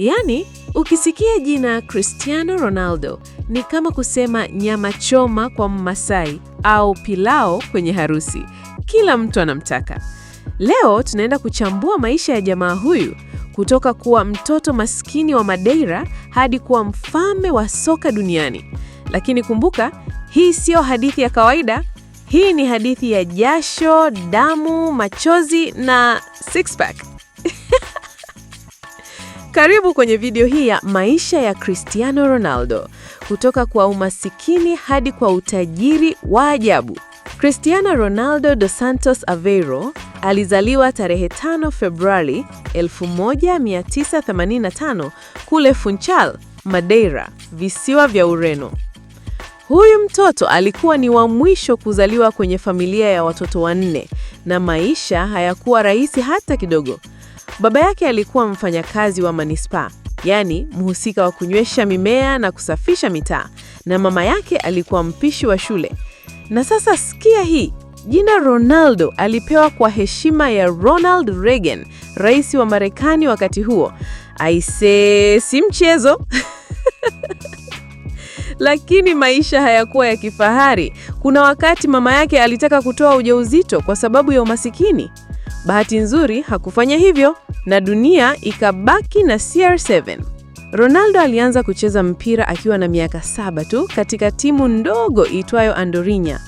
Yaani, ukisikia jina Cristiano Ronaldo ni kama kusema nyama choma kwa Mmasai au pilao kwenye harusi. Kila mtu anamtaka. Leo tunaenda kuchambua maisha ya jamaa huyu kutoka kuwa mtoto maskini wa Madeira hadi kuwa mfalme wa soka duniani. Lakini kumbuka, hii siyo hadithi ya kawaida. Hii ni hadithi ya jasho, damu, machozi na six pack. Karibu kwenye video hii ya maisha ya Cristiano Ronaldo, kutoka kwa umasikini hadi kwa utajiri wa ajabu. Cristiano Ronaldo dos Santos Aveiro alizaliwa tarehe 5 Februari 1985 kule Funchal, Madeira, visiwa vya Ureno. Huyu mtoto alikuwa ni wa mwisho kuzaliwa kwenye familia ya watoto wanne na maisha hayakuwa rahisi hata kidogo. Baba yake alikuwa mfanyakazi wa manispaa, yaani mhusika wa kunywesha mimea na kusafisha mitaa, na mama yake alikuwa mpishi wa shule. Na sasa sikia hii, jina Ronaldo alipewa kwa heshima ya Ronald Reagan, rais wa Marekani wakati huo. Aise, si mchezo! Lakini maisha hayakuwa ya kifahari. Kuna wakati mama yake alitaka kutoa ujauzito kwa sababu ya umasikini. Bahati nzuri hakufanya hivyo na dunia ikabaki na CR7. Ronaldo alianza kucheza mpira akiwa na miaka saba tu katika timu ndogo iitwayo Andorinha.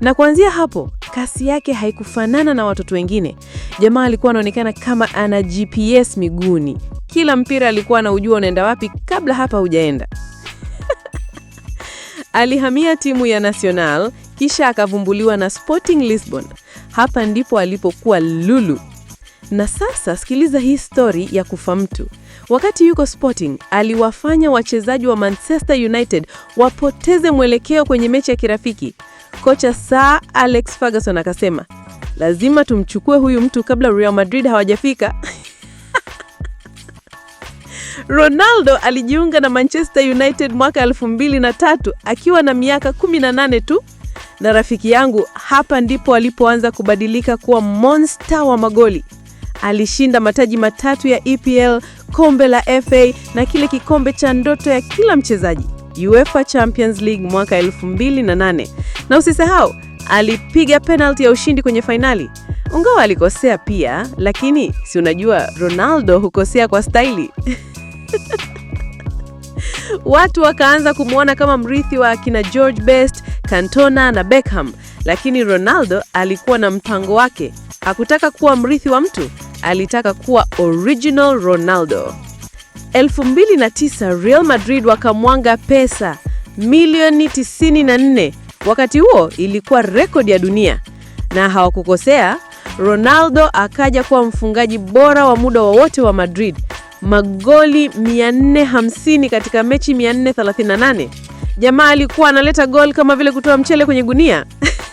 Na kuanzia hapo kasi yake haikufanana na watoto wengine. Jamaa alikuwa anaonekana kama ana GPS miguuni. Kila mpira alikuwa anaujua unaenda wapi kabla hapa hujaenda. Alihamia timu ya Nacional kisha akavumbuliwa na Sporting Lisbon. Hapa ndipo alipokuwa lulu na sasa sikiliza hii stori ya kufa mtu. Wakati yuko Sporting, aliwafanya wachezaji wa Manchester United wapoteze mwelekeo kwenye mechi ya kirafiki. Kocha Sir Alex Ferguson akasema, lazima tumchukue huyu mtu kabla Real Madrid hawajafika. Ronaldo alijiunga na Manchester United mwaka 2003 akiwa na miaka 18 tu. Na rafiki yangu, hapa ndipo alipoanza kubadilika kuwa monster wa magoli. Alishinda mataji matatu ya EPL, kombe la FA na kile kikombe cha ndoto ya kila mchezaji, UEFA Champions League mwaka 2008. Na usisahau alipiga penalti ya ushindi kwenye fainali. Ungawa alikosea pia, lakini si unajua Ronaldo hukosea kwa staili. Watu wakaanza kumwona kama mrithi wa akina George Best, Cantona na Beckham, lakini Ronaldo alikuwa na mpango wake. Hakutaka kuwa mrithi wa mtu, alitaka kuwa original Ronaldo. 2009 Real Madrid wakamwanga pesa milioni 94, wakati huo ilikuwa rekodi ya dunia, na hawakukosea. Ronaldo akaja kuwa mfungaji bora wa muda wowote wa, wa Madrid, magoli 450 katika mechi 438. Jamaa alikuwa analeta gol kama vile kutoa mchele kwenye gunia.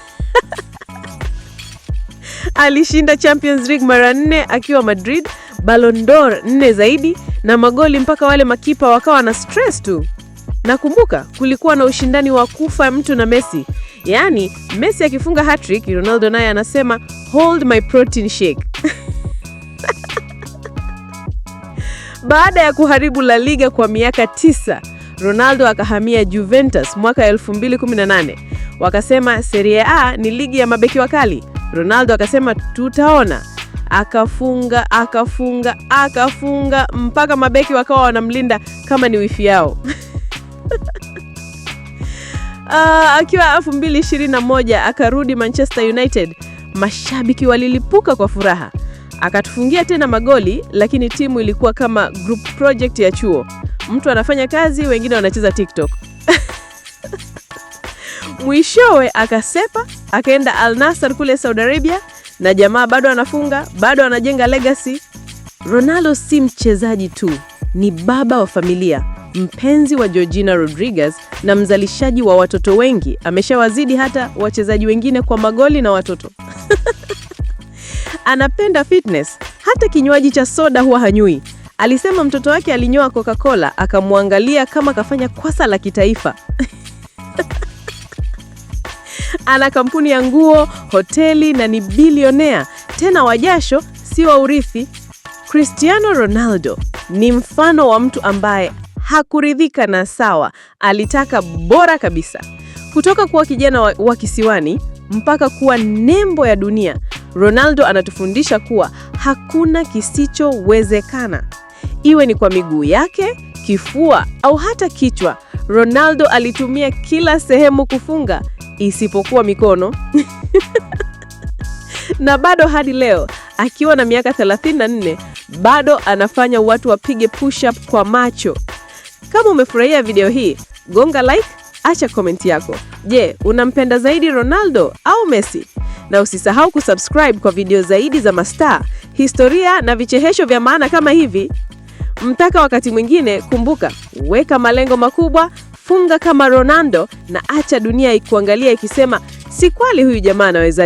Alishinda Champions League mara nne akiwa Madrid, Ballon d'Or nne zaidi na magoli mpaka wale makipa wakawa na stress tu. Nakumbuka kulikuwa na ushindani wa kufa mtu na Messi, yaani Messi akifunga hat-trick, Ronaldo naye anasema hold my protein shake Baada ya kuharibu La Liga kwa miaka tisa, Ronaldo akahamia Juventus mwaka 2018. Wakasema Serie A ni ligi ya mabeki wakali. Ronaldo akasema tutaona, akafunga akafunga akafunga mpaka mabeki wakawa wanamlinda kama ni wifi yao. Uh, akiwa 2021 akarudi Manchester United, mashabiki walilipuka kwa furaha. Akatufungia tena magoli, lakini timu ilikuwa kama group project ya chuo. Mtu anafanya kazi, wengine wanacheza TikTok. Mwishowe akasepa akaenda Al Nassr kule Saudi Arabia, na jamaa bado anafunga, bado anajenga legacy. Ronaldo si mchezaji tu, ni baba wa familia, mpenzi wa Georgina Rodriguez na mzalishaji wa watoto wengi. Ameshawazidi hata wachezaji wengine kwa magoli na watoto anapenda fitness, hata kinywaji cha soda huwa hanywi. Alisema mtoto wake alinyoa Coca-Cola akamwangalia kama kafanya kosa la kitaifa Ana kampuni ya nguo, hoteli na ni bilionea tena, wa jasho si wa urithi. Cristiano Ronaldo ni mfano wa mtu ambaye hakuridhika na sawa, alitaka bora kabisa. Kutoka kuwa kijana wa, wa kisiwani mpaka kuwa nembo ya dunia, Ronaldo anatufundisha kuwa hakuna kisichowezekana. Iwe ni kwa miguu yake, kifua au hata kichwa, Ronaldo alitumia kila sehemu kufunga isipokuwa mikono na bado hadi leo akiwa na miaka 34 bado anafanya watu wapige push up kwa macho. Kama umefurahia video hii, gonga like, acha komenti yako. Je, unampenda zaidi Ronaldo au Messi? Na usisahau kusubscribe kwa video zaidi za mastaa, historia na vichekesho vya maana kama hivi. Mtaka wakati mwingine, kumbuka, weka malengo makubwa funga kama Ronaldo na acha dunia ikuangalia ikisema si kweli, huyu jamaa anaweza.